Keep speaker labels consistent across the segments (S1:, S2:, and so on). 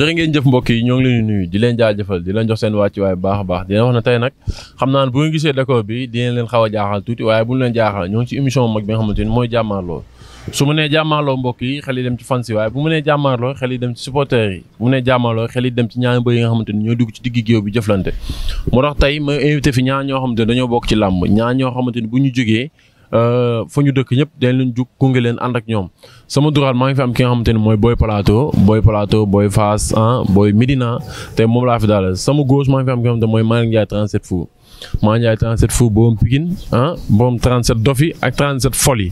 S1: jërë ngeen jëf mbokk yi ñoo ngi leen di nuyu di leen jaajëfal di leen jox seen wàccuwaay bu baax a baax di leen wax ne tey nag xam naa bu ngeen gisee décor bi dinañ leen xaw a jaaxal tuuti waaye bu ñu leen jaaxal ñoo ngi mooy jàmmaarloo su mu nee jàmmaarloo mbokk yi xel yi dem ci fans yi waaye bu mu nee jàmmaarloo xel yi dem ci supporters yi bu mu nee jàmmaarloo xel yi dem ci ñaari mbër nga xamante ni ñoo dugg ci digg géew bi jëflante moo tax tey ma invité fi ñaar ñoo xamante ni dañoo bokk ci làmb ñaar ñoo xamante ni bu ñu jógee Euh, fa ñu dëkk ñëpp dañ leen jug gunge leen ànd ak ñoom sama duraat maa ngi fi am ki nga xamante mooy booy Plateau Boy Plateau Boy Fass ah Boy te moom laa fi daal sama gauche maa ngi fi am ki nga xamante mooy Malick Ndiaye 37 fou Malick Ndiaye 37 fou borom Pikine ah borom 37 dof ak 37 fol yi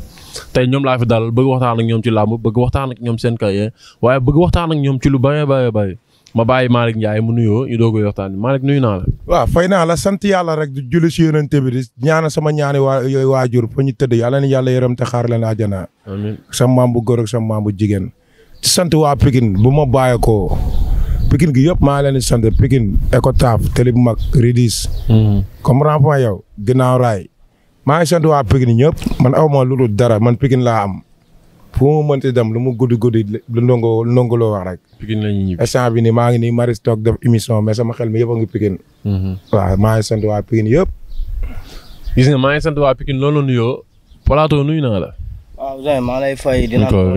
S1: tey ñoom laa fi daal bëgg waxtaan ak ñoom ci làmb bëgg waxtaan ak ñoom seen carrière waaye bëgg waxtaan ak ñoom ci lu bëree bëri bëri ma bàyyi Malick Ndiaye mu nuyoo ñu doog a waxtaan Malick nuyu naa la.
S2: waaw fay naa la sant yàlla rek di julli si yonent bi di ñaana sama ñaani waa yooyu waajur fa ñu tëdd yàlla ni yàlla yërëm te xaar leen àjjana. amiin sa maam bu góor bu jigéen. sant waa Pikine bu ma ko Pikine gi yëpp maa leen di sant Pikine Ecotaf Télé bu mag Ridis. Mm-hmm. comme renfant yow ginnaaw raay. maa sant waa Pikine ñëpp man aw ma lu dul dara man Pikine laa am. fu mu mënti dem lu mu guddi guddi lu ndongo ndongo loo wax rek. Pikine la ñuy ñibbi instant maa ngi nii mari toog def émission mais sama xel mi yëpp a ngi Pikine. Mhm. waaw maa ngi waa Pikine yëpp.
S1: gis nga maa ngi sant waa Pikine loolu la nuyoo plateau nuyu naa la.
S3: waaw Ouzin maa lay fay dinaa ko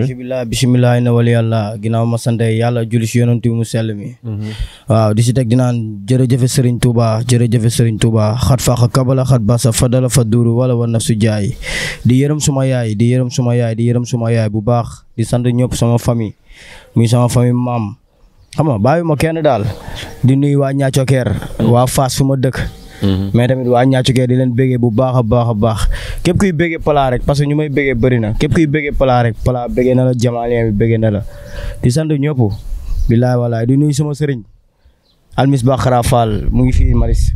S3: bisimilah na wali ginnaaw ma sant yàlla julli si yonent mu sell mi mhm. waaw di si teg dinaan jër Serigne Touba jërëjëfe Serigne Touba xat faaxa kabala xat basa fadala faduru wala war na su jaay di yërëm suma yaay di yërëm suma yaay di yërëm suma yaay bu baax di sant ñëpp sama fami muy sama famille maam xam nga bàyyi ma kenn daal di nuyu waa ñaacokeer waa Fass fu ma dëkk Mm-hmm. mais tamit waa ñaccukee di leen béggee bu baax a baax a baax képp kuy béggee palaa rek parce que ñu may béggee bëri na képp kuy béggee palaa rek palaa béggee na la jamaalien bi béggee na la di sant ñëpp bilaay walaay di nuyu sama sëriñ almis Bakara Fall mu ngi fii maris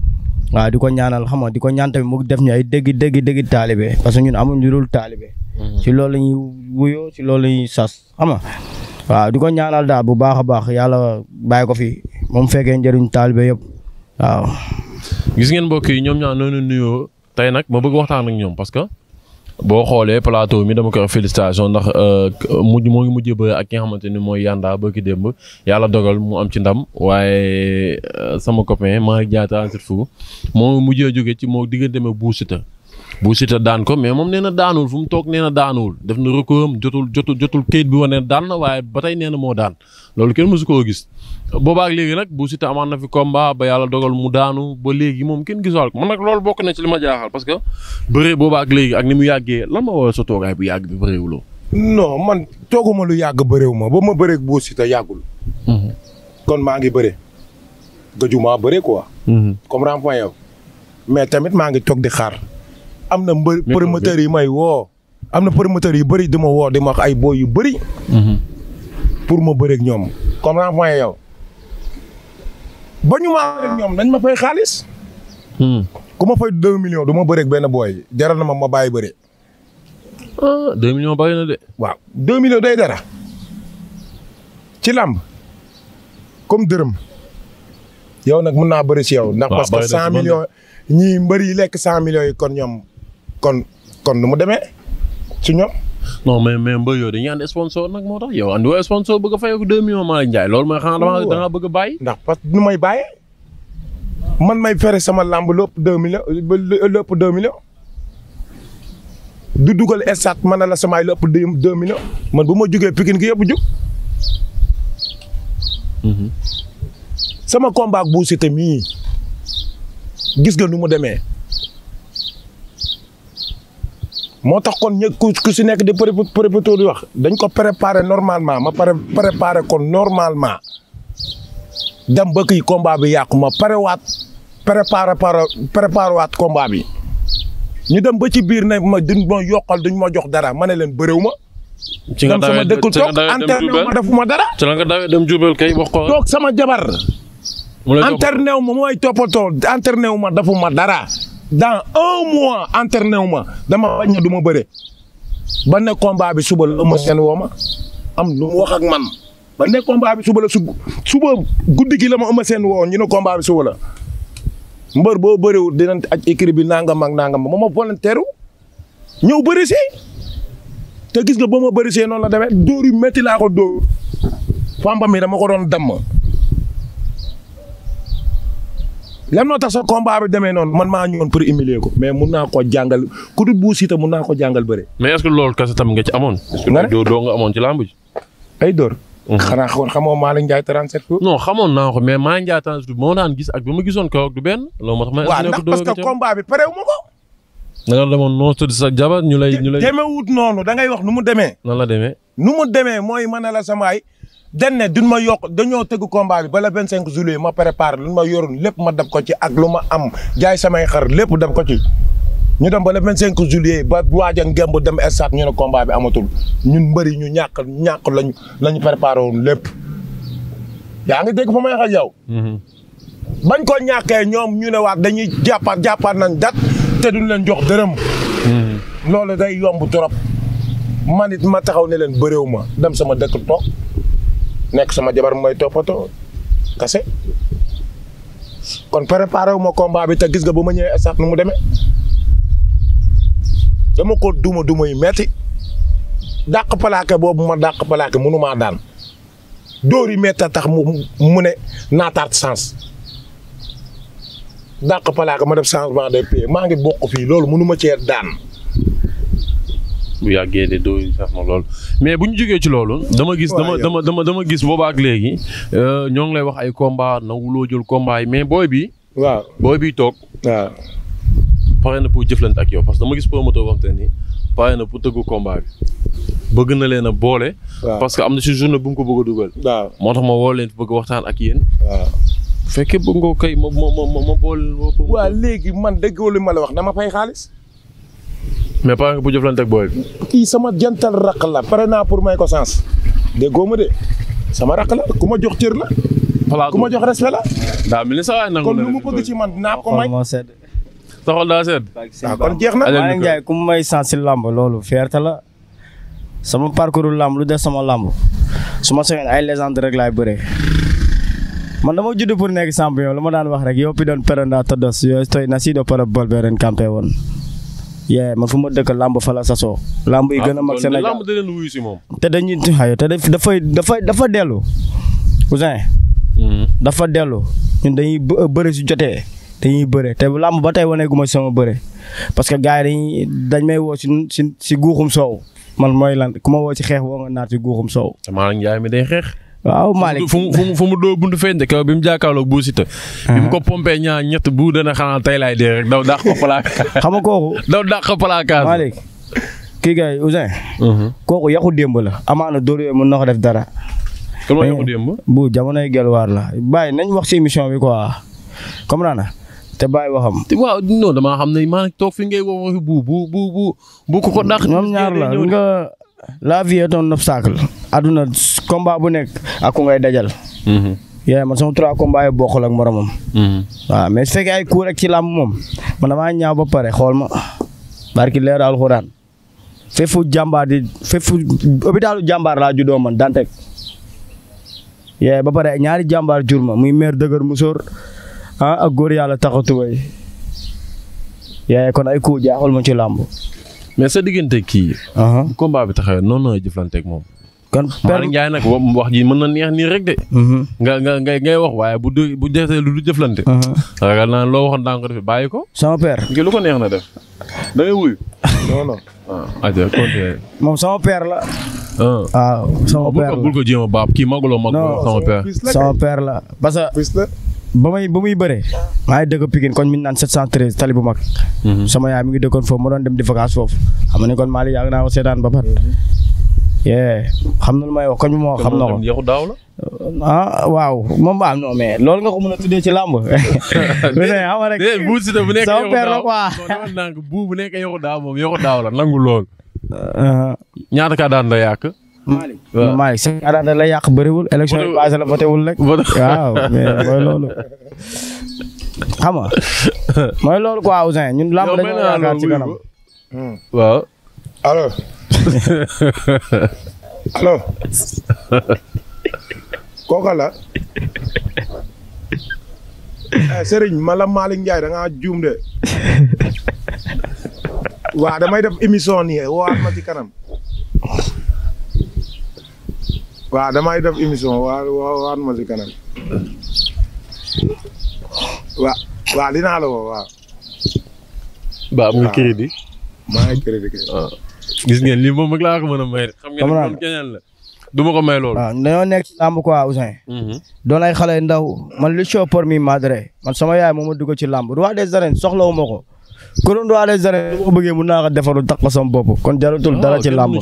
S3: waaw di ko ñaanal xam nga di ko ñaan tamit mu def ñu ay déggi dëgg dëgg taalibe parce que ñun amuñ lu rul taalibe ci mm-hmm. loolu la ñuy wuyoo ci loolu la ñuy sas xam nga waaw di ko ñaanal daal bu baax a baax yàlla bàyyi fi moom fekkee njëriñ taalibe yëpp waaw
S1: gis ngeen mbokk yi ñoom ñaar noonu nuyoo tey nag ma bëgg waxtaan ak ñoom parce que boo xoolee palaato mi dama koy wax félicitation ndax euh, mujj moo ngi mujj bëri ak ki xamante ni mooy Yanda ba démb yàlla dogal mu am ci ndam waaye euh, sama copain Malick Diatta en moo ngi mujjee jóge ci moo diggante ma buusita bu Siteu daan ko mais moom nee na daanuwul fu mu toog nee na daanuwul def na recours jotul jotul jotul këyit bi wane daan na waaye ba tey nee na moo daan loolu kenn mësu koo gis. boobaak léegi nag bu Siteu amaan na fi combat ba yàlla dogal mu daanu ba léegi moom kenn gisaal ko man nag loolu bokk na ci li ma jaaxal parce que bëree boobaak léegi ak ni mu yàggee lan ma woo sa toogaay bu yàgg bi bëreewuloo. non man
S2: tooguma lu yàgg bëreewu ma ba ma bëreeg bu Siteu yàggul. Mhm.
S1: kon maa ngi bëre
S2: gëjuma bëre quoi. Mhm. mais tamit maa ngi toog di xaar. am na mbër promoteur yi may woo. am na promoteur yu bëri di ma woo di ma wax ay booy yu bëri. Mhm. pour ma bëreeg ñoom comme en point yow. ba ñu ma bëreeg ñoom dañ ma fay xaalis. Hmm. ku ma fay deux millions du ma bëreeg benn booy jaral na ma ma bàyyi bëri.
S1: ah deux waaw deux millions day
S2: dara. ci làmb comme dërëm. yow
S1: nag mun naa bëri si yow. ndax parce que cent millions
S2: ñii mbër yi lekk cent millions yi kon ñoom. kon kon nu mu demee
S1: ci ñoom. non mais mais mbër yooyu dañuy ànd sponsor nag moo tax yow ànd woo sponsor bëgg a fay ko deux millions Malick Ndiaye loolu mooy oh. a bàyyi. ndax parce que nu may bàyyee
S2: man may fere sama làmb lépp deux millions lépp deux millions du dugal estat man na la samaay lépp deux millions man bu ma jugee Pikine gi yëpp jug. Mhm. sama combat bu Siteu mii gis nga nu mu demee. moo tax kon ñë ku si nekk di prépéto di wax dañ ko préparer normalement ma pare préparer ko normalement dem ba kii combat bi yàqu ma parewaat préparer par préparer waat combat bi ñu dem ba ci biir ne ma duñ ma yokkal duñ ma jox dara ma ne leen bëréw ma
S1: ci nga dawee dem Diourbel defuma dara. ci la nga dawee dem Diourbel kay ko. toog
S2: sama jabar. mu lay toppatoo entraîné wu ma mooy toppatoo entraîné wu ma defuma dara. dans un mois entraîné wu ma dama bañ du bëre ba ne combat bi suba la ma seen woo ma am lu mu man ba ne combat bi suba la suba guddi gi la ma ëmb seen woo ñu ne combat bi suba la mbër boo bëriwul dinañ aj écrit bi nangam ak nangam ma ma volontaire ñëw bëri si te gis nga ba ma bëri see noonu la demee dóor yu métti laa ko dóor famba mi dama ko doon damm. lan moo tax sa combat bi demee noonu man maa ñëwoon pour humilier ko mais mun naa ko jàngal ku dul mun naa ko jàngal bëre.
S1: mais est-ce que loolu kese tam nga ci amoon. nga ne est-ce que doo nga amoon ci làmb ji. Mhm.
S2: mais Malick Ndiaye 37 jours
S1: moo daan gis ak bi ma gisoon kaw ak du benn. moo tax ma noonu tudd sa jabar ñu lay. ñu lay demewut noonu da ngay wax nu mu demee. nan la demee. nu mu
S2: demee mooy mën na la samaay dañ ne ma yokk dañoo tëgg combat bi bala vingt cinq juillet ma préparé lu ma yoroon lépp ma dab ko ci ak lu ma am jaay samay xar lépp dab ko ci ñu dem ba le vingt cinq juillet ba waaj a ngemb dem stade ñu ne combat bi amatul ñun mbëri ñu ñàkk ñàkk lañu lañu préparé woon lépp ngi dégg fa may xaj yow mhm. ko ñàkkee ñoom ñu ne waat dañuy jàppaat jàppaat nañ dat te duñ leen jox dërëm
S1: mhm.
S2: loolu day yomb trop man it ma taxaw ne leen bëréew ma dem sama dëkk toog nekk sama jabar mooy toppatoo kase kon préparé wu ma combat bi te gis nga ba ma ñëwee stade nu mu deme dama ko duma duma yu metti dàq palaake boobu ma dàq palaake mënu maa daan dóor yi metti tax mu ne naataat sens dàq palaake ma def changement de pied maa ngi bokk fii loolu mënu ma
S1: cee daan. bu yàggee de doo saf na lool mais bu ñu jógee ci loolu. dama gis dama dama dama dama gis boobaak léegi. Euh, ñoo ngi lay wax ay combat nanguloo jël combat yi mais booy bi. waaw booy bi toog. waaw. pare na pour jëflante ak yow parce que dama gis promoteur wax te ni pare na pour tëggu combat bi. bëgg na leen boole. parce que am na si journée bu mu ko bëgg a dugal. moo tax ma woo leen bëgg waxtaan ak yéen. waaw. bu fekkee bëgg nga
S2: kay ma ma boole. waaw léegi man dëgg li wax dama fay xaalis.
S1: mais pare nga bu jëflante ak booy
S2: kii sama jantal raq la pare naa pour may ko sens déggoo ma de sama raq la ku ma jox cër la. voilà ku ma jox respect la.
S1: sa waay nangu kon lu mu bëgg ci man jeex na. Aly
S3: ku may sens si làmb loolu fierté la. sama parcours làmb lu def sama làmb su ma soxee ay légende rek laay bëree. man dama judd pour nekk champion lu ma daan wax rek yow pi doon perenda todos yo estoy nacido para volver en campeón yee man fu ma dëkk làmb fa la soow làmb yi ah, gën a mag Sénégal làmb
S1: da leen wuyu si moom.
S3: te dañuy xayma te dafay dafay dafa dellu. cousin. Hmm. dafa dellu ñun dañuy bëre si jotee. dañuy bëre te làmb ba tey waneegu ma si sama parce que gars yi dañ may woo si si si guuxum soow man mooy lan ku ma woo si xeex woo nga naat si guuxum soow.
S1: Malick Ndiaye mi day xeex. waaw Malick fu mu fu doo buntu feeñ de bi mu jàkkaarloog Bou Siteu. bi mu ko ah. pompé ñaar ñett bu dana xanaa tey laay dee rek daw dàq ko placard. xam nga kooku. daw dàq ko placard. Malick
S3: kii gars yi Ouzin. Mhm. kooku démb la amaana dóor yooyu mën na ko def dara. kan moo yàqu démb. bu jamonoy gelwaar la bàyyi nañ wax ci émission bi quoi comme naana te bàyyi waxam. waaw non damaa xam ne toog fi ngay wax bu bu bu bu ko ko dàq. ñoom ñaar la la vie est un obstacle àdduna combat bu nekk ak ku ngay dajal. Mhm. yaa man sama trois yi bokkul ak moromam. Mhm. waaw mais su ay coup ci làmb moom man damaa ñaaw ba xool ma barki leer alxuraan fefu jàmbaar di fefu hôpitalu jàmbaar laa juddoo man Dantec. yaa ba ñaari jàmbaar jur ma mu maire dëgër musóor ah ak góor yàlla taxatuway yaa kon ay coup jaaxul
S1: ma ci làmb. mais sa diggante kii. combat bi taxawee noonu la jëflanteeg moom. kon per Ndiaye nag wax ji mën na neex nii rek de. Mhm. nga ngay wax waaye bu dee bu defee
S3: lu jëflante.
S1: ragal loo waxoon daa ko defee bàyyi ko. sama père. ngi lu ko neex na def.
S3: da ngay ah. moom sama père la. Ah. waaw
S1: sama ah, père la bul ko bul baab kii maguloo maguloo.
S3: sama père la parce ba may ba muy bëree maa ngi dëkk Pikine koñ mi ñu naan 713 tali bu mag. Mhm. sama yaay mi ngi dëkkoon foofu ma doon dem di vacances foofu xam ne kon Malick yàgg naa ko seetaan ba pare. yee xam na lu may wax koñ moo xam na ko yow daaw la. ah waaw moom ah non mais loolu nga ko mën a tuddee ci làmb. déedéet xam nga rek bu si
S1: bu nekk yow daaw bu yow daaw moom yow daaw la nangu lool. Uh-huh. ñaata kaa daan la yàq. Malick waaw Malick
S3: seen adada la yàq bëriwul élection yi la voté wul rek. waaw mooy loolu. xam mooy loolu quoi Ouzin ñun lamb dañoo yaakaar ci kanam.
S2: Hmm.
S1: waaw. allo. allo.
S2: kooka la. Eh, Serigne Malam Malick Ndiaye juum de. waaw damay def émission nii waat ma ci kanam. waaw damay def émission waa waan ma si kanam. waa waaw dinaa la woo waaw.
S1: ba am nga crédit. maa ngi crédit ah. ngeen lii moom rek laa ko mën a may. xam ngeen moom keneen la. du ma ko may loolu.
S3: waaw ah, nekk ci làmb quoi Ouzin. Mhm. doon ay xale ndaw man lu show pour mi madre man sama yaay moo ma dugg ci làmb roi des arènes soxlawu ma ko. couronne roi des arènes bu ma bëggee mun naa ko defarul tax ko bopp kon jarutul dara oh, ci làmb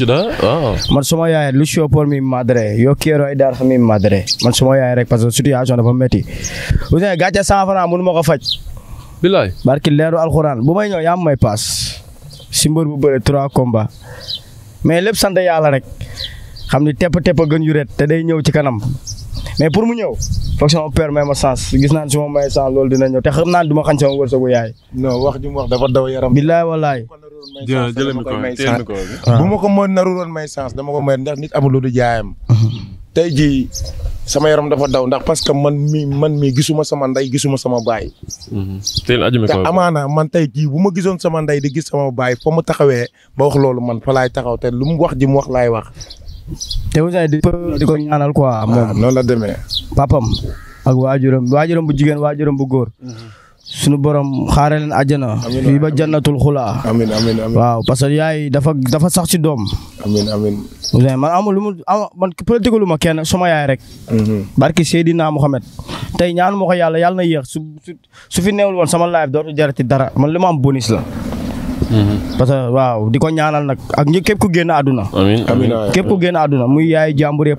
S3: man suma yaay Lucio Por mi madre yo quiero ayudar mi madre man suma yaay rek parce que situation a métti Ouzin gàcce cent franc mënu ma ko faj bilaay barki leeru alxuraan bu may ñëw yaa may paas si mbër bu bëre trois combats mais lépp sant yàlla rek xam ni tepp tepp a te day ñëw ci kanam mais pour mu ñëw foog sama père ma sens gis naa ne ma may sens loolu dina ñëw te xam naa ne du ma xañ sama wërsëgu yaay.
S2: wax ji mu wax dafa daw yaram. billaay wallaay. bu ma ah. Ah.
S3: ko mën naruloon may sens dama ko may ndax nit amul lu
S2: tey jii sama yaram dafa daw ndax parce que man mi man mii gisuma sama ndey gisuma sama baay.
S1: Mm-hmm. teel aju mi ko
S2: amaana man tey jii bu ma gisoon sama ndey di gis sama baay fa mu taxawee ba wax loolu man fa taxaw te lu mu wax ji mu wax laay wax.
S3: te Ouzin di ko ñaanal quoi. Ah, moom noonu la demee. papam ak waajuram waajuram bu jigéen waajuram bu góor. Mhm. suñu borom xaare leen àjjana. fii ba jannatul xulaa. waaw parce que yaay dafa dafa sax ci doom. amiin man amul lu mu am man politique lu ma kenn suma yaay rek. Mhm. barki Seydina Mohamed. tey ñaanu ma ko yàlla yàlla na yéex su su fi neewul woon sama live dootu jarati dara man li ma am bonus la. Mm-hmm. parce que waaw di ko ñaanal nag ak ñi képp ku génn àdduna amiin képp ku génn àdduna muy yaay jàmbure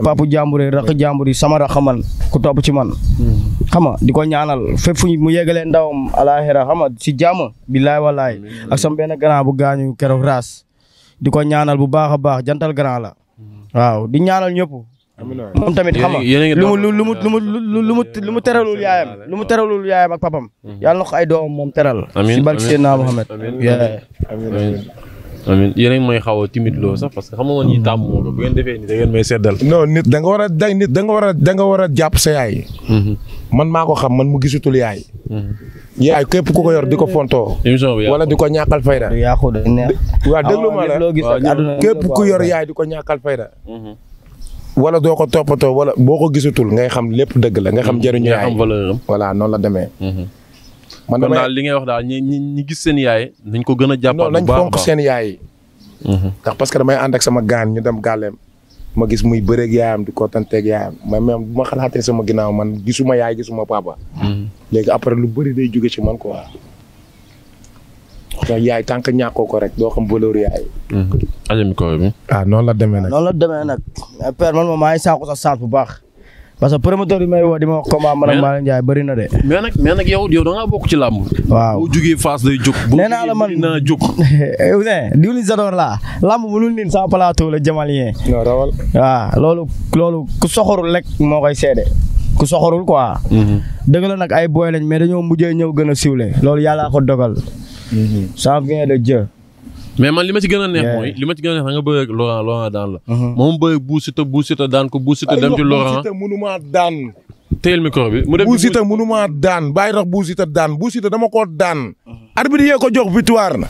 S3: jàmbur yi sama rakk man ku topp ci man mm-hmm. xam nga di ko ñaanal fépp fu mu yegalee ndawam alaxira xam nga si jàmm billaay ak sama benn grand bu gaañu keroog raas di ko ñaanal bu baax a baax jantal grand la mm-hmm. waaw di ñaanal ñëpp moom tamit xam nga lu mu lu mu lu lu mu lu mu teralul yaayam lu mu teralul ak papam yàlla na ay doomam moom teral si barke Seydina Mohamed amiin
S1: yéen may xaw a timide loo sax parce que xam nga woon ñi tàmm bu ngeen defee nii da ngeen may seddal.
S2: non nit da nga a da nit da war a da war a jàpp sa yaay. Mm-hmm. man maa ko xam man mu gisutul yaay. Mm-hmm. yaay képp ku yor di ko fontoo. émission bi wala di ko ñàkkal fayda. du yàqu yaay di ko ñàkkal fayda. Mm-hmm. wala doo ko toppatoo wala boo ko gisatul ngay xam lépp dëgg la nga xam mm-hmm. jëriñu yaay xam valeur voilà noonu la demee. Mm-hmm. man damay daal
S1: li ngay wax daal ñi ñi gis seen yaay nañ ko gën a jàppal bu baax nañ fonk seen mm-hmm.
S2: parce que damay ànd ak sama gaan ñu dem gàlleem ma gis muy bëreeg yaayam di ko kontanteeg yaayam mais même bu ma xalaatee sama ginnaaw man gisuma yaay gisuma papa. léegi après lu bëri day jóge ci man quoi. ndax yaay tànk ñàkkoo ko rek doo xam valeur yaay.
S1: Mm-hmm. aja
S3: ah, la demee nag. noonu la demee nag. père man ma maa ngi sa saat bu baax. parce que promoteur yi may wax di ma wax combat man ak Malick Ndiaye bëri na de.
S1: mais nag mais nag yow yow da ngaa bokk ci làmb. waaw bu jugee Fass day jóg. nee naa la man bu jugee naa jóg.
S3: Eh, diwli Zador laa làmb mënul nin sa plateau la jamalien. non loolu ku soxorul rek moo koy seede. ku soxorul quoi. Mm-hmm. dëgg la nag ay booy lañ mais dañoo mujjee ñëw gën a siwle. loolu yàlla ko dogal. Mhm. ça vient de Dieu.
S1: mais man li ma ci gën a neex mooy li ma ci gën a neex da nga bëre ak Laurent Laurent daan la. Mhm. moom bëre Bou Siteu Bou Siteu daan ko Bou Siteu dem ci Laurent. mënumaa daan. téyel micro bi mu dem Bou Siteu
S2: mënumaa daan bàyyi tax Bou daan Bou Siteu dama koo daan. arbitre yee ko jox victoire na.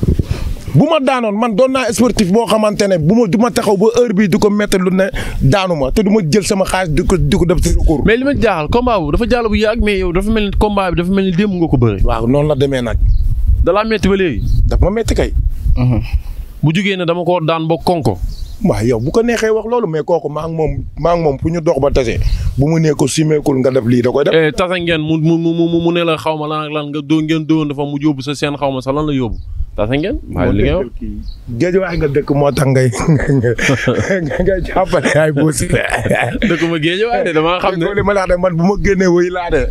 S2: bu ma daanoon man doon naa sportif boo xamante ne bu ma du ma taxaw ba heure bii di ko métti lu ne daanu ma te du ma jël sama xaalis di ko di ko def ci li ma jaaxal combat bu dafa jàll bu yàgg mais yow
S1: dafa mel ni combat bi dafa mel ni démb nga ko bëre. waaw la demee nag da laa metti ba léegi. daf ma metti kay. Mhm. bu jugee ne dama ko daan ba konko
S2: waaw yow bu ko neexee wax loolu mais kooku maa moom maa moom fu ñu dox ba tase bu mu nee ko simeekul nga def lii da koy def. Eh,
S1: tase ngeen mu mu mu mu ne la xaw ma laa lan nga doo ngeen doon dafa mu yóbbu sa seen xaw ma sa lan la yóbbu tase ngeen. waaye li nga wax
S2: géej waay nga dëkk moo tax ngay ngay jàppale ay buusi.
S1: dëkk ma géej waay damaa xam ne. li ma
S2: laa de bu ma génnee wuy laa de.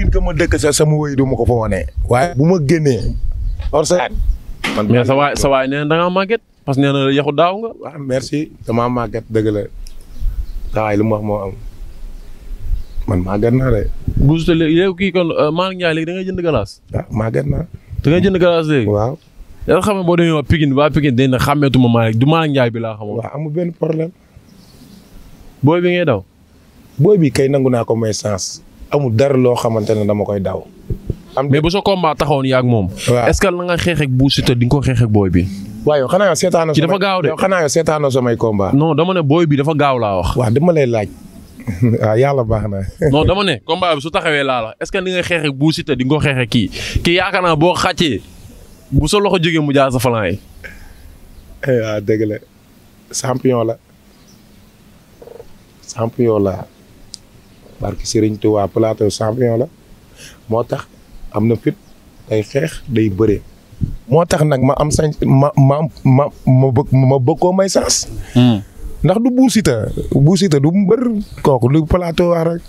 S2: Pikine ka ma dëkk sa sama wéy du ma ko fa wane. waaye bu ma génnee.
S1: or sa man mais sa waay sa waay nee na da parce que nee na yaxu daaw nga. waaw ah, merci damaa màgget dëgg la saa lu mu wax naa de. Bouche euh, de da ngay jënd galaas. Ah, waaw màgget naa. da ngay jënd galaas léegi. waaw. yàlla xam ne boo demee waa Pikine waa Pikine dañ xàmmeetuma Malick du Malick Ndiaye bi laa xamoon. waaw amul benn problème.
S2: booy bi ngay daw. booy bi kay nangu naa ko may sens. amul dara loo xamante ne dama koy daw. am mais
S1: bu sa combat taxawoon yaa ak moom. waaw est
S2: nga xeex buusit di nga ko xeex ak booy bi. waaw yow xanaa yow seetaanoo. dafa gaaw xanaa yow seetaanoo samay combat. non dama ne booy bi dafa gaaw laa wax. waaw dama lay laaj. waaw yàlla baax na.
S1: non dama ne combat bi su taxawee laa la est-ce que ni nga xeex ak Bou Siteu di nga ko xeex kii kii yaakaar naa boo xàccee bu sa loxo jógee mu jaar sa falan
S2: yi. Eh, waaw dëgg la champion la champion la. barki Serigne Touba plateau champion la moo tax am na fit day xeex day bëre moo tax nag ma am sañ ma ma ma ma bëgg ma bëgg koo may sens. Hmm. ndax du Bou Siteu Bou Siteu du mbër kooku lu plateau waa rek.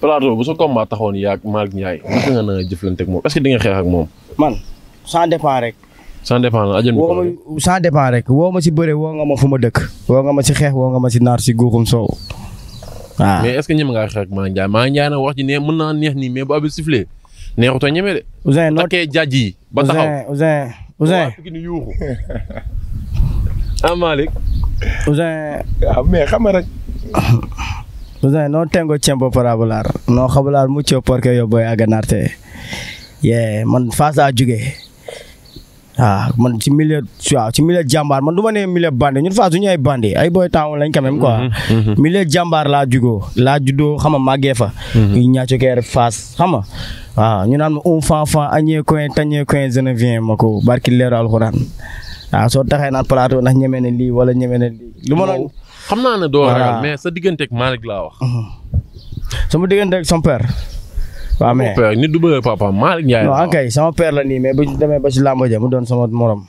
S1: plateau bu sa combat taxoon yaag Malick Ndiaye naka nga na jëflante ak moom est-ce que di nga xeex ak moom. man ça dépend rek. ça dépend la ajal woo
S3: ma rek woo ma si bëre woo nga ma fu ma dëkk. woo nga ma si xeex woo nga ma si naat si guuxum soow waaw ah.
S1: mais est ñeme ngaa xeex ak Malick Ndiaye Malick Ndiaye nag wax ne mën naa neex ni mais bu abi sifflé neexut a ñeme de. Ouzin noo takkee jaaj yi ba taxaw ah, ah,
S3: xam nga rek. Ouzin noo tengo tiempo para hablar. noo xabalaar mucho porque yo voy a yee man Fass a waaw ah, man ci milieu waaw ci milieu jàmbaar man du ma nee milieu bande ñun Fass du ñu ay bande ay boy taawul lañ quand même quoi. Mm-hmm, mm-hmm. milieu jàmbaar laa jugoo laa juddoo xam nga màggee fa. Mm-hmm. ñu ñaaco keer Fass xam ah, ñu naan ma un fan fan a coin tañee coin Geneviève ma ko barki leeru alxuraan waaw ah, soo taxee naan plateau ndax ñeme ne lii wala ñeme ne lii. lu ma doon xam naa ne doo
S1: mais sa digganteeg Malick laa wax.
S3: sama digganteeg son père. waaw mais nit du bëre papa Malick Ndiaye. non kay sama père la nii mais bu demee ba ci làmb ja mu doon sama morom.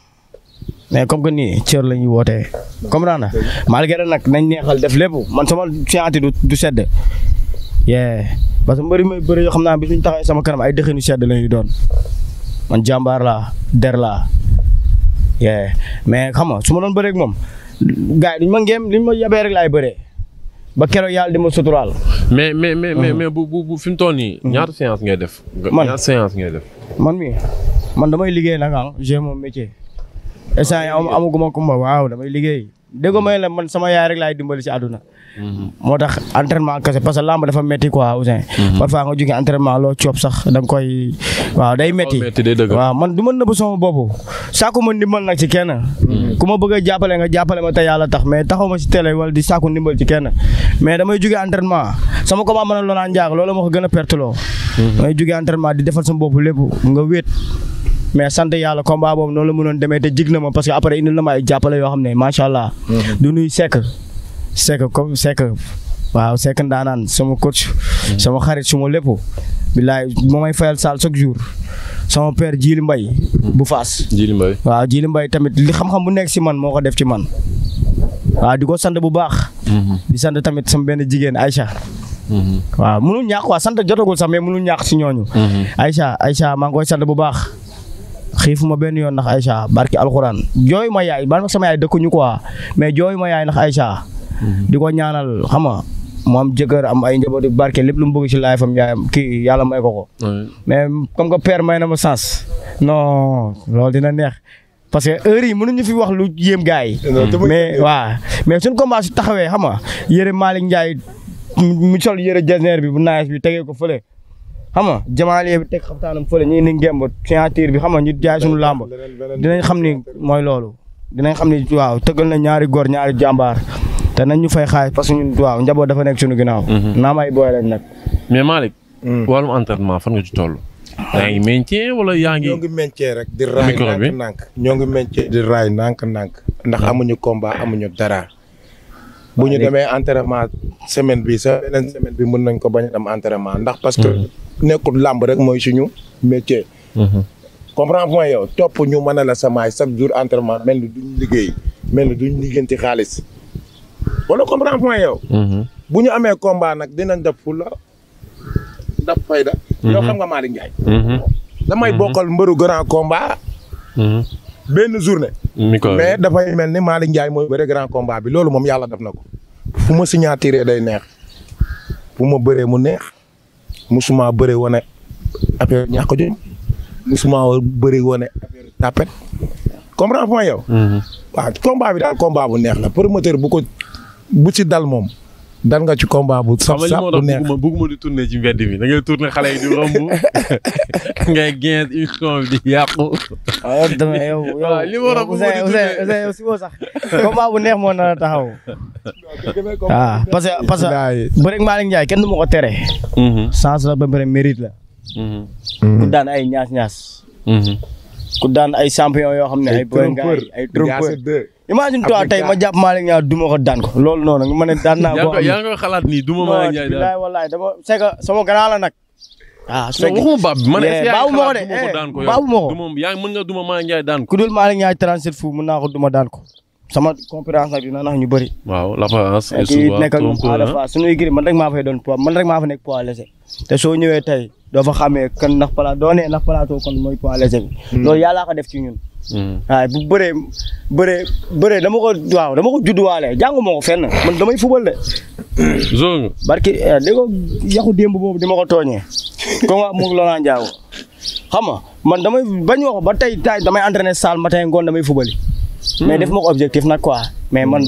S3: mais comme que nii cër la ñuy wootee. comme daanaka malgré nag nañ neexal def lépp man sama fianti du du sedd. parce que mbëri may bëri yoo xam naa bi suñ taxawee sama kanam ay dëxinu sedd la ñuy doon man jàmbaar laa der laa. mais xam nga su ma doon bëree ak moom gars yi duñ ma ngeem liñ ma yabee rek laay bëree. ba keroog yàlla di ma suturaal.
S1: mais mais mais mais bu bu bu fi mu toll nii. ñaata séance ngay def. man ñaata séance ngay def. man mi
S3: man damay liggéey nag ah j'ai mon métier. instant yii ah, amaguma kumba waaw damay liggéey. déggoo may la man sama yaay rek laay dimbali si àdduna. moo tax entraînement kese parce que lamb dafa métti quoi Ouzin. parfois nga jógee sax da nga koy. waaw day métti waaw man du ma nëbb sama bopp. sàkku ma ndimbal nag si kenn. ku ma bëgg a jàppale nga jàppale ma te yàlla tax mais taxaw ma si télé wala di sàkku ndimbal ci kenn. mais damay jógee entraînement sama ko combat mën a lonaa njaag loolu moo ko gën a perteloo. Hmm. damay jógee entraînement di defal sama bopp lépp nga wéet. mais sant yàlla combat boobu noonu la mënoon demee te jig na ma parce que après indil na ma ay jàppale yoo xam ne macha allah. Mhm. du nuy sekk sekk comme sekk waaw sekk ndaanaan sama coach mhm. sama xarit suma lépp. bilaay moo may jour sama père Jili Mbaye bu faas Jili Mbaye waaw Jili Mbaye tamit xam-xam bu nekk si man moo ko def ci man waaw di ko sant bu baax mhm. di sant tamit sama benn jigéen Aïcha waaw mënul ñàkk waa sant mais mënul ñàkk si ñooñu Aïcha Aïcha maa koy sant bu baax ma benn yoon ndax Aïcha barki alxuraan jooy ma yaay ban sama yaay ko quoi mais jooy ma yaay ay Aïcha. di ko ñaanal xam nga mu am jëkkër am ay njaboot yu barke lépp lu mu bëgg ci laay fam yaayam kii yàlla may ko ko. mais kom que père ma na ma sens. non loolu dina neex. parce que heure yi ñu fi wax lu yéem gars yi. mais waa mais suñu combat su taxawee xam nga yére Malick Ndiaye mu sol yére jésneer bi bu naaj bi tegee ko fële. xam nga jamaalee bi teg xaftaanam fële ñu indi ngemb signature bi xam nga ñu jaay suñu làmb dinañ xam ni mooy loolu dinañ xam ni waaw tëggal na ñaari góor ñaari jàmbaar te nañ ñu fay xaay parce que ñun waaw njaboot dafa nekk suñu ginnaaw mhm. naam ay booy lañ nag mais maa mm.
S1: wàllum entraînement fan nga ci toll yaa ngi maintien yaa ngi. ngi maintien rek di raay
S2: ñoo ngi maintien di raay nànk nànk ndax mm. amuñu combat amuñu dara. bu ñu demee entraînement semaine bi sax beneen semaine bi mën nañ ko bañ a dem ndax parce que. Mm. nekkul làmb rek mooy suñu métier. Mhm. comprends point yow topp ñu mën a la samaay chaque jour entraînement mel liggéey mel ni duñ liggéeyanti xaalis wala comprends point yow. Mhm. bu ñu amee combat nag dinañ def fu la daf fayda. Mhm. yow xam nga Malick Ndiaye.
S3: damay bokkal
S2: mbëru grand combat.
S1: benn journée. mais
S2: dafay mel ni Malick Ndiaye mooy bëre grand combat bi loolu moom yàlla def na ko. fu ma signature day neex fu ma bëree mu neex. musuma bëre wane affaire ñàkk jom musuma bëre wane affaire tapet comprends point yow. Mm-hmm. waaw combat bi daal combat bu neex la promoteur bu ko bu ci dal moom. dan nga ci combat bu. saf saf
S1: bu di tourner ci mbedd mi da ngay xale di romb ngay génn émission bi di yàqu. Ah, a ah,
S3: yow si woo bu neex moo nar a taxaw. ah parce que parce que. kenn du ma tere. chance mhm. la ba pare la. Mhm. ku daan ay ñaas ñaas. Mhm. ku daan ay champion yoo xam ne ay. ay trompeur ay trompeur imagine toi tey ma jàpp Malick Niang duma ko daan ko loolu noonu ma ne daan naa ko. yaa ngi koy xalaat nii duma Malick Niang daal wallaay dama c'est que sama grand la nag. ah su waxuma baab bi man est-ce que yaa ngi xalaat duma ko eh, daan ko yow baabu ma ko duma
S1: yaa mën nga duma Malick Niang daan
S3: ko. ku dul Malick Niang 37 fu mën naa ko duma daan ko. sama compétence nag dina nax ñu bëri. waaw la France et souvent nekk ak ñoom à la fois suñuy giri man rek maa fay doon poids man rek maa fa nekk poids léger. te soo ñëwee tey doo fa xamee kan ndax pala doo nee ndax plateau kon mooy poids léger bi. Hmm. loolu yàlla ko def ci ñun Mm. waaye bu bëree bëree bëree dama ko waaw dama ko judduwaale jànguma ko fenn man damay fubal de. zone barki di ko yaxu démb boobu di ma ko tooñee. comme waa moom Laurent nga man damay bañ wax ba tey taay damay entraîné salle matin ngoon damay fubali. Mm. mais def ma ko objectif nag quoi mais man.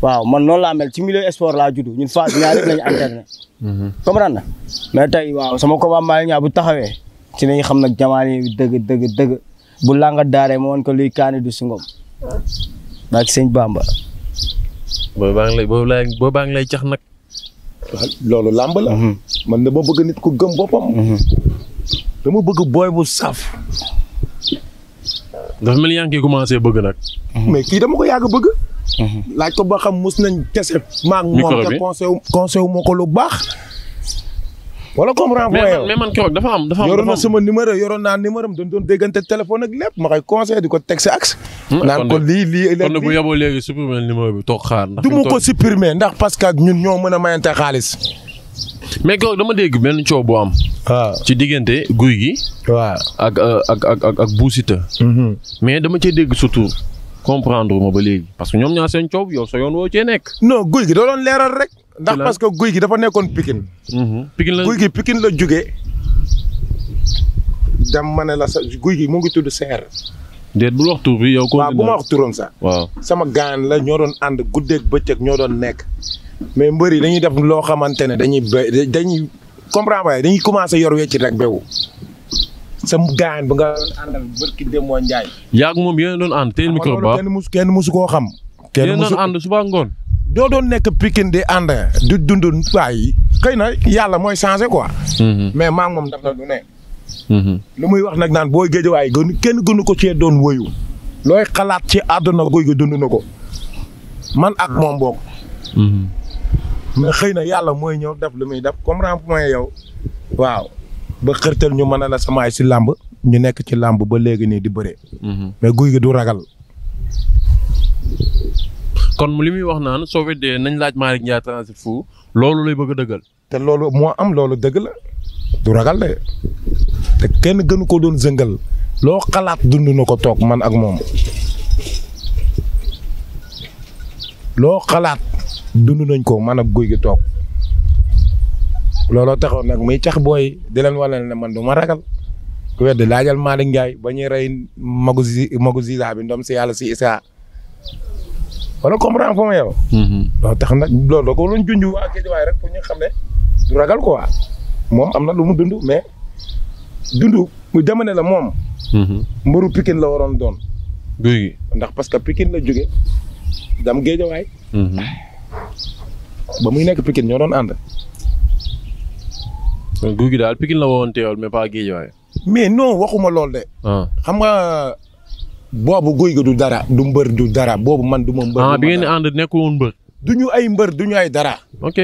S3: waaw man noonu laa mel ci milieu sport laa judd ñun Fass ñaar rek lañu entraîné. Mm-hmm. comprendre na mais tey waaw sama ko maa ngi ñaar bu taxawee ci lañu xam na jamono yi dëgg dëgg dëgg. bu langa daaree ma woon ko luy kaani du sungom baak sëñ Bamba. boobu baa ngi lay
S1: boobu baa ngi lay cax nag.
S2: loolu làmb la. Mhm. man dama bëgg nit ku gëm boppam. Mhm. dama bëgg booy bu saf. ndax mel ni yaa ngi commencé bëgg nag. Mhm. mais kii dama ko yàgg bëgg. laaj ko ba xam mus nañ tese. maak moom te conseil conseil moo ko lu baax. wala comprendre nga yow mais
S1: man keroog dafa am dafa am yoroon sama
S2: numéro yoroon naa numéro doon doon déggante téléphone ak lépp ma koy conseillé di ko
S1: teg sa axe. Hmm, naan ko lii lii kon bu yaboo léegi supprimer bi toog xaar. ndax du ma ko supprimer
S2: ndax parce que ñun ñoo mën a mayante xaalis.
S1: mais keroog dama dégg benn coow bu am. Ah. ci diggante guy gi. waaw ak euh, ak ak ak ak buusita. Mm-hmm. mais dama cee dégg surtout. comprendre ma ba léegi parce que ñoom ñaa seen coow yow sa yoon woo cee nekk. no guy gi da doon leeral rek. ndax parce que guy gi dafa nekkoon Pikine. Mhm. Pikine la guy gi la jugee.
S2: dam ma ne la sa guy gi mu ngi tudd seer.
S1: déet bul wax tur bi yow. ko bu ma wax
S2: sax. waaw sama gaan la ñoo doon ànd guddeeg bëccëg ñoo doon nekk. mais mbër yi dañuy def loo xamante ne dañuy bé dañuy comprendre waaye dañuy commencé yor
S1: wecc rek bewu
S2: sa gaan ba nga àndal bërki Demba Ndiaye.
S1: yaa moom yéen doon ànd teel ah, micro ba kenn
S2: mus kenn musu koo xam.
S1: kenn musu doon ànd
S2: suba ngoon. doo doon nekk Pikine di ànd du dund waay xëy na yàlla mooy changé quoi. Mhm. mais maa ngi moom daf na lu ne. Mhm. lu muy wax nag naan booy géej waay gën kenn gunu ko cee doon woyu looy xalaat ci àdduna guy gi dund na ko man ak moom bokk. Mhm. mais xëy na yàlla mooy ñëw def lu muy def comme rempoint yow. waaw ba xërtal ñu mën a la samaay si làmb ñu nekk ci làmb ba léegi nii di bëre. mais guy gi du ragal.
S1: kon li muy wax naan soo weddee nañ laaj Malick Ndiaye transit fu loolu lay bëgg a dëggal. te loolu moo am loolu dëgg la
S2: du ragal de te kenn gënu ko doon zëngal loo xalaat dund ko toog man ak moom. loo xalaat dund nañ ko man ak guy gi toog looloo taxoon nag muy tax booy di walla wala ne man du ma ragal ku wedd laajal Malick Ndiaye ba ñuy rey magu zi magu ziza bi ndom si yàlla si Issa. wala comprendre ko ma yow. Mhm. loolu tax nag loolu da ko waroon junj waa Guédiawaye rek pour ñu xam ne du ragal quoi moom am na lu mu dund mais dund mu jamono la moom. Mhm. mbëru pikin la waroon doon. guy ndax parce que Pikine la jóge dam Guédiawaye. Mhm. ba muy nekk pikin ñoo doon ànd. guy gi daal Pikine la
S1: woon teewal mais pas
S2: Guédiawaye. mais non waxuma lool de. Ah. xam nga. boobu guy ga du dara du mbër du dara boobu man du ma mbër. ah bi ngeen ànd nekkul woon mbër. du ay mbër du ay dara. ok.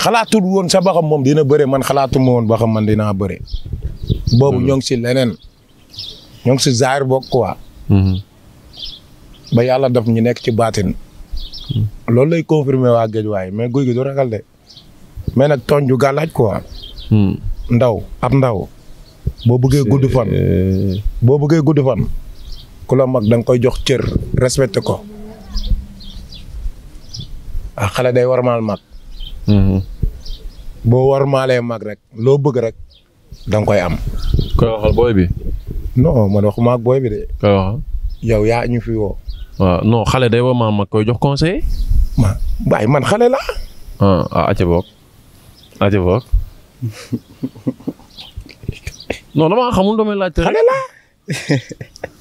S2: xalaatul woon sa baxam moom dina bëre man xalaatu ma baxam man dinaa bëre. boobu hmm. ñoo ngi si leneen. ñoo ngi si zaar bokk quoi. Hmm. ba yàlla daf ñu nekk ci baatin. Hmm. loolu lay confirmer waa géej waaye mais guy gi du de. mais nag tooñ ju gàllaaj quoi. ndaw ab ndaw. boo bëggee gudd fan. Euh, boo bëggee gudd fan ku la mag danga koy jox cër respecté ko ah xale day war warmaal mag. Mm-hmm. boo warmaalee mag rek loo bëgg rek
S1: da koy am. koy waxal booy bi.
S2: non man waxuma ak booy bi de. koy waxal. yow yaa ñu fi woo.
S1: waaw xale day warmaal mag koy jox conseil. ma waaye man xale la ah ah acca boog non damaa xamul damay laajte xale la.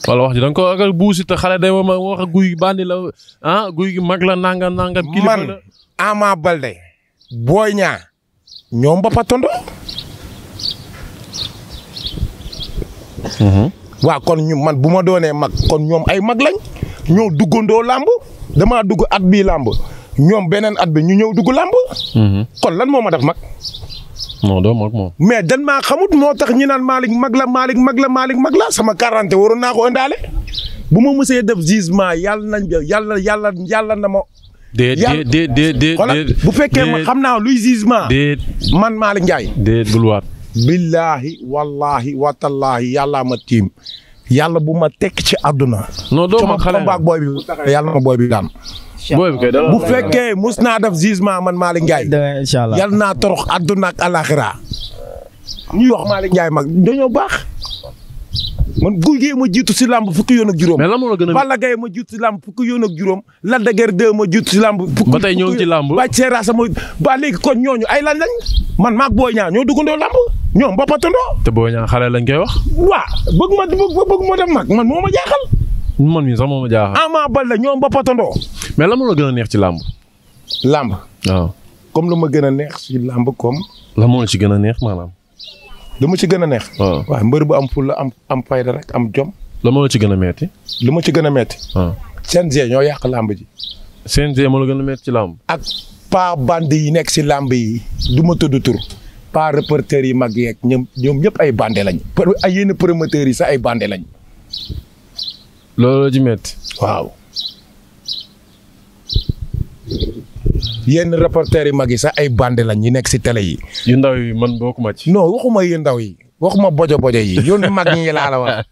S1: wala wax ji da ko ak buusit te xale day ma wax guy bandi la ah guy gi mag la nangam nangam. kilifa la man Ama Balde. Boy Niang.
S2: ñoom ba patondo. Mhm. kon ñu man bu ma doonee mag kon ñoom ay mag lañ ñoo duggandoo làmb damaa dugg at bii làmb ñoom beneen at bi ñu ñëw dugg làmb. Mhm. kon lan moo ma def mag.
S1: non doo mag moom.
S2: mais dan maa xamut moo tax ñi naan Malick mag la Malick mag la Malick mag la sama 40 waroon naa ko indaale bu ma mësee def jugement yàlla nañ yàlla yàlla yàlla na ma.
S1: déet déet déet déet bu fekkee ma xam
S2: naa luy jugement. déet man Malick Ndiaye. déet bul waat. billaahi wallaahi watallaahi yàllaa ma tiim yàlla bu ma tekk ci àdduna. non doo ma xale yàlla ma booy bi daan.
S3: bu fekkee mus naa def
S2: jugement man Malick Ndiaye. incha yal naa torox àdduna ak alaxira ñuy wax Malick Ndiaye mag dañoo baax. man Gouye Gui ma jiitu si làmb fukki yoon ak juróom. mais lan moo la gën a Balla ma jiitu si làmb fukk yoon juróom. Lac de Guiers 2 ma jiitu si làmb. fukki ba tey ñoo ngi ci làmb. ba Seera sama ñooñu ay lan lañ. man maag Boy Niang ñoo
S1: duggandoo làmb ñoom ba te Boy xale lañ koy wax. waaw bëgg ma bëgg mag man moo ma jaaxal. man mii sax moom a jaaxal. Ama Baldé ñoom ba patandoo. mais lan moo la gën a neex ci làmb. làmb. waaw comme lu ma gën a neex ci làmb comme. la moo la ci gën a
S2: neex maanaam. lu ma ci gën a neex. waaw mbër bu am fulla am am fayda rek am jom. la moo la ci gën a metti. lu ma ci gën a metti. waaw CNG ñoo yàq làmb ji. CNG moo la gën a metti ci làmb. ak pas band yi nekk ci làmb yi du ma tudd tur. pas reporteurs yi mag yeeg ñoom ñoom ñëpp ay bandé lañ. ay yenn promoteurs yi sax ay bandé lañ.
S1: looloo ci metti waaw.
S2: yenn reporters yi mag yi sax ay bande lañ ñi nekk si tele yi. yu ndaw yi man bokkuma ci. non waxuma yu ndaw yi waxuma bojo bojo yi yoon mag ñi laa la wax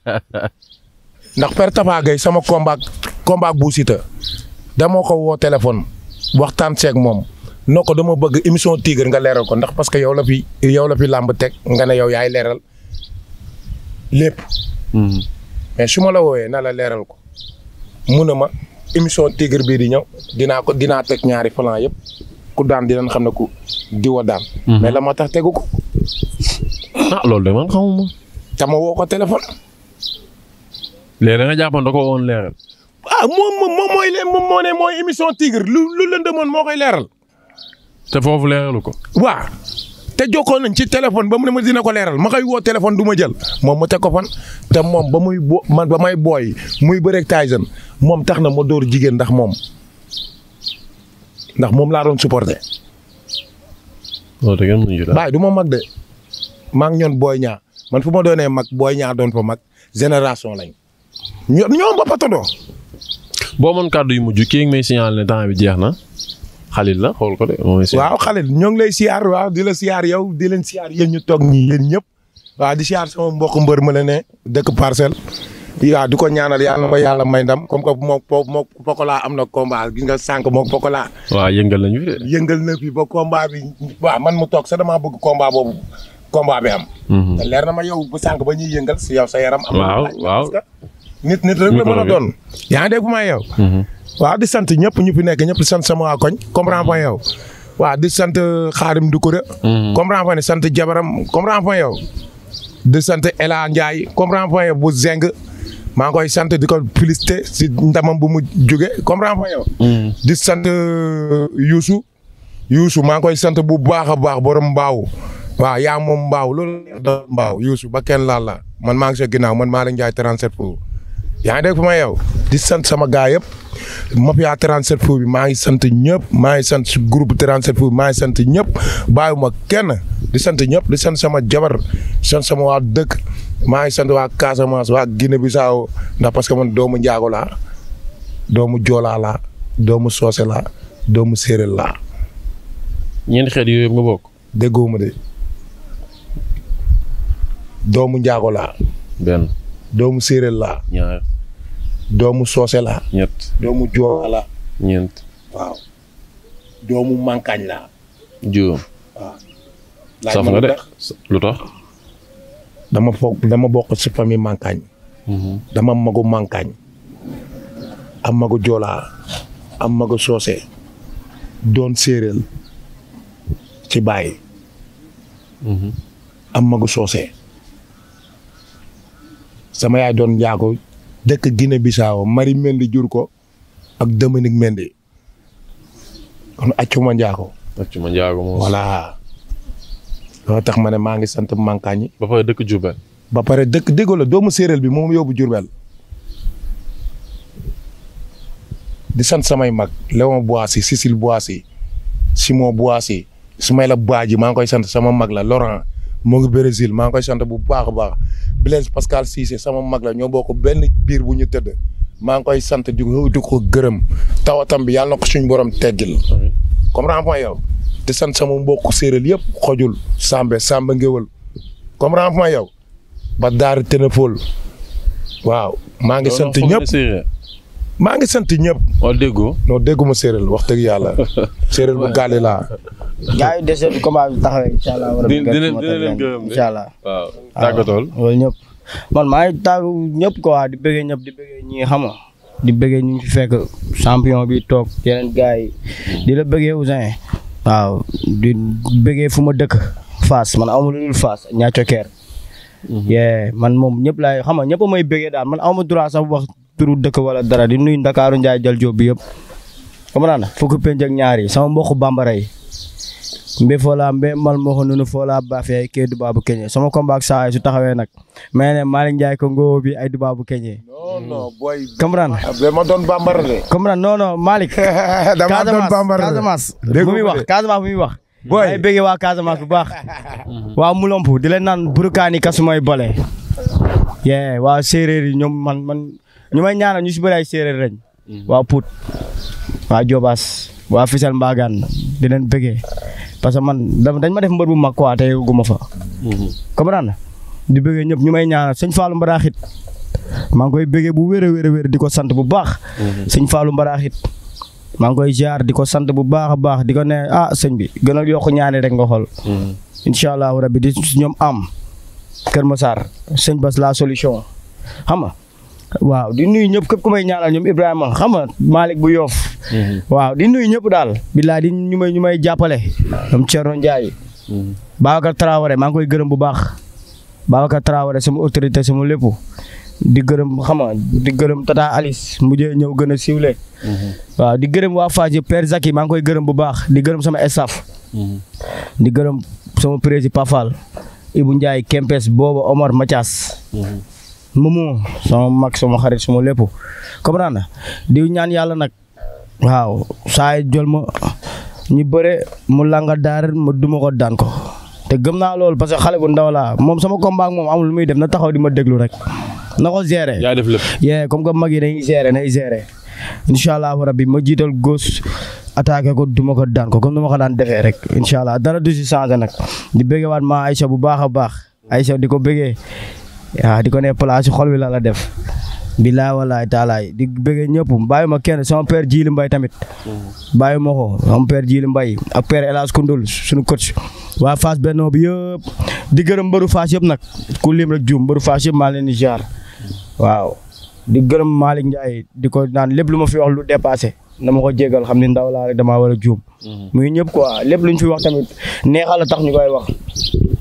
S2: ndax per Tapha Gueye sama combat combat bu Siteu dama ko woo téléphone waxtaan seeg moom noo ko dama bëgg émission Tigre nga leeral ko ndax parce que yow la fi yow la fi làmb teg nga ne yow yaay leeral lépp. Mm-hmm. mais su ma la woowee na la leeral ko mun a ma émission Tigre bii di ñëw dinaa ko dinaa teg ñaari plan yëpp ku daan dinañ xam ne ku diwa daan. Mhm. mais la ma tax tegu ko.
S1: ah loolu de man xamuma.
S2: te ma woo ko téléphone.
S1: léegi da nga jàppoon da woon leeral.
S2: ah moom moom mooy leen moom moo émission Tigre lu lu lëndëmoon moo koy leeral.
S1: te foofu leeralu ko.
S2: wa te jokkoo nañ ci téléphone ba mu ne ma dina ko leeral ma koy woo téléphone du ma jël moom mu teg ko fan te moom ba muy bo man ba may booy muy bëreeg Tyson moom tax na ma dóor jigéen ndax moom ndax moom laa doon supporté.
S1: baay
S2: du ma mag de maa ngi ñoon booy ñaa man fu ma doonee mag booy ñaa doon fa mag génération lañ
S1: ñoom ñoom ba patandoo. boo mën kàddu yu mujj kii ngi may signalé ne temps bi jeex na. xalil la xool ko de. waaw
S2: xalil ñoo ngi lay siyaar waaw di siyaar yow di leen siyaar yéen ñu toog ñii yéen ñëpp. waaw di siyaar sama mbokk mbër ma la ne dëkk parcelle. waaw di ko ñaanal yàlla ma yàlla may ndam comme que moom moom Pokola am na combat gis nga sànq moom Pokola.
S1: waaw yëngal nañu fi
S2: yëngal na fi ba combat bi man mu toog sa damaa bëgg combat boobu. combat bi am. Mhm. te leer na ma yow bu sànq ba ñuy yëngal si yow sa yaram. am na waaw waaw nit nit la mën doon. yaa ngi dégg fu may mhm. waaw di sant ñëpp ñu fi nekk ñëpp sant sama waa koñ comprends pas yow. waaw di sant Xaadim Dukure. Mhm. comprends pas ne sant jabaram comprends pas di sant Ela Ndiaye comprends pas yow bu zeng maa ngi koy sant di ko félicité si ndamam bu mu jóge comprends pas yow. Mhm. di sant euh, Youssou. Youssou maa ngi koy sant bu baax a baax borom mbaaw waaw yaa moom mbaaw loolu mbaaw Youssou ba kenn laal la man maa ngi ginaaw ginnaaw man maa leen jaay 37 yaa ngi dégg fu ma yow di sant sama gaa yëpp Mafia 37 Fou bi maa ngi sant ñëpp maa ngi sant groupe 37 Fou bi maa ngi sant ñëpp ma kenn di sant ñëpp di sant sama jabar sant sama waa dëkk maa ngi sant waa Casamance waa Guinée Bissau ndax parce que man doomu njaago laa doomu joolaa laa doomu soose laa doomu séeréer la ñeenti xeet yooyu nga bokk. déggoo ma de doomu njaago doomu séeréer laa.
S1: doomu soose la ñett
S2: doomu joola laa. ñeent. waaw doomu mankaañ laa. juróom. waaw.
S1: saf nga de lu
S2: dama foog dama bokk ci famille mankaañ. Mm-hmm. dama magu mankaañ. am magu joolaa. am magu soose. doon séeréel ci bàyyi. Mm-hmm. am magu soose. sama yaay doon njaago dëkk Guinée Bissau Marie Mendy jur ko ak Dominique Mendy kon accuma njaako.
S1: accuma njaako moom voilà.
S2: tax ma ne maa ngi sant Mankaañ. ba pare dëkk Diourbel. ba pare dëkk déggoo la doomu sérél bi moom yóbbu Diourbel. di sant samay mag Léon Boissy Cécile Boissy Simon Boissy Ismaïla Badji maa ngi koy sant sama mag la Laurent moo ngi Brésil maa ngi koy sant bu baax a baax Blaise Pascal Cissé sama mag la ñoo bokk benn biir bu ñu tëdd maa ngi koy sant di ko gërëm tawatam bi yàlla na ko suñ borom teggil comprends point yow di sant sama mbokk séeréer yëpp xojul sambe samba ngéwal comprends point yow ba daari ténéfool waaw maa ngi sant ñëpp maa ngi sant ñëpp. waaw oh, déggoo. non dégguma séeréer wax dëgg
S3: yàlla bu gaali gaa yi des combat bi taxawee incha allah. dina dina leen gërëm waaw ah, ñëpp. man maa ngi ñëpp ko waa di bëggee ñëpp di bëggee ñii xam di bëggee ñu fi fekk champion bi toog yeneen gars yi di la bëggee Ouzin waaw di bëggee fu ma dëkk Fass man amul lu dul Fass mhm. yee man moom ñëpp laay xam nga ñëpp a may bëggee daal man amul droit sax wax turu dëkk wala dara di nuyu Ndakaaru Njaay jël jóob bi yëpp xam naa na fukki penc sama mbokk bambara yi mbi fola mbe mal mo hono fola bafe ay ke dubabu keñe sama combat ak su taxawee nag mais ne Malick Ndiaye ko ay dubabu keñe non non boy ah, doon bambara de comprendre non non Malick dama wax Casamance bu boy ay bëgg waa Casamance bu baax waa Mulomp di leen naan burukaani kasumay bole yee waa séeréer yi ñoom man man ñu ay séeréer lañ mm-hmm. waa Pout waa Diobass waa Fissel Mbagane di parce que man dañ ma def mbër bu mag quoi te yeggu ma fa. Mhm. comprendre di bëggee ñëpp ñu may ñaan sëñ Fallou Mbaraaxit maa ngi koy bëggee bu wéer a wéer a di ko sant bu baax. Mhm. sëñ Fallou Mbaraaxit maa ngi koy jaar di ko sant bu baax a baax di ko ne ah sëñ bi gën a yokk ñaane rek nga xool. Mhm. incha allahu rabi di ñoom am Kër Massar sëñ Bas la solution xam waaw di nuyu ñëpp képp ku may ñaanal ñoom Ibrahima xam nga Malick bu Yoff. Mhm. waaw di nuyu ñëpp daal. billaay di ñu may ñu may jàppale. ñoom Thierno Ndiaye. Mhm. Babacar Traoré maa ngi koy gërëm bu baax. Babacar Traoré sama autorité sama lépp. di gërëm xam nga di gërëm tata ñëw gën a siiwle. Mhm. waaw di gërëm waa Fass yëpp Père Zaki maa ngi koy gërëm bu baax di gërëm sama staff. di gërëm sama président Pafal. Ibou Ndiaye Kempes booba Omar Mathias. moomu sama mag sama xarit sama lépp comprendre na di ñaan yàlla nag waaw saay jol ma ñu bëre mu langa daar ma duma ko daan ko te gëm naa lool parce que xale bu ndaw laa moom sama combat ak moom amul lu muy def na taxaw di ma déglu rek na ko gérer. yaa yee comme que mag yi dañuy gérer nay gérer incha allahu rabbi ma jiital góos attaqué ko duma ko daan ko comme ni ma ko daan defee rek incha allah dara du si nag di bëggewaat ma Aïcha bu baax a baax di ko bëggee. waaw di ko ne place xol wi la la def. billaay wallaay taalaay di bëggee ñëpp bàyyi ma kenn sama père Djili Mbaye tamit. Mm-hmm. bàyyi ma ko sama père Djili Mbaye ak père El Hadj Koundoul suñu coach. waa Fass Benno bi yëpp di gërëm mbaru faas yëpp nag ku lim rek juum mbëru Fass yëpp maa leen di jaar waaw di gërëm Malick Ndiaye di ko naan lépp lu ma fi wax lu dépassé na ma ko jégal xam ne ndaw laa rek damaa war a juum. Mm-hmm. muy ñëpp quoi lépp lu ñu fi wax tamit neexal la tax ñu koy wax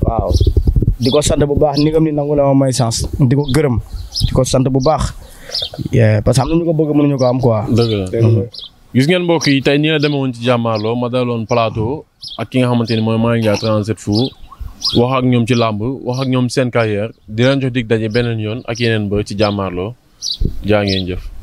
S3: waaw. di ko sant bu baax ni nga xam nangu na ma may di ko gërëm di ko sant bu baax parce que am na ñu ko bëgg mënuñu ko am quoi. dëgg la mhm.
S1: gis ngeen mbokk yi tey nii la demee woon ci jàmmaarloo ma daloon plateau ak ki nga xamante ni mooy Malick Ndiaye 37 Fou wax ak ñoom ci làmb wax ak ñoom seen carrière di leen jox daje beneen yoon ak yeneen ba ci jàmmaarloo jaa ngeen jëf.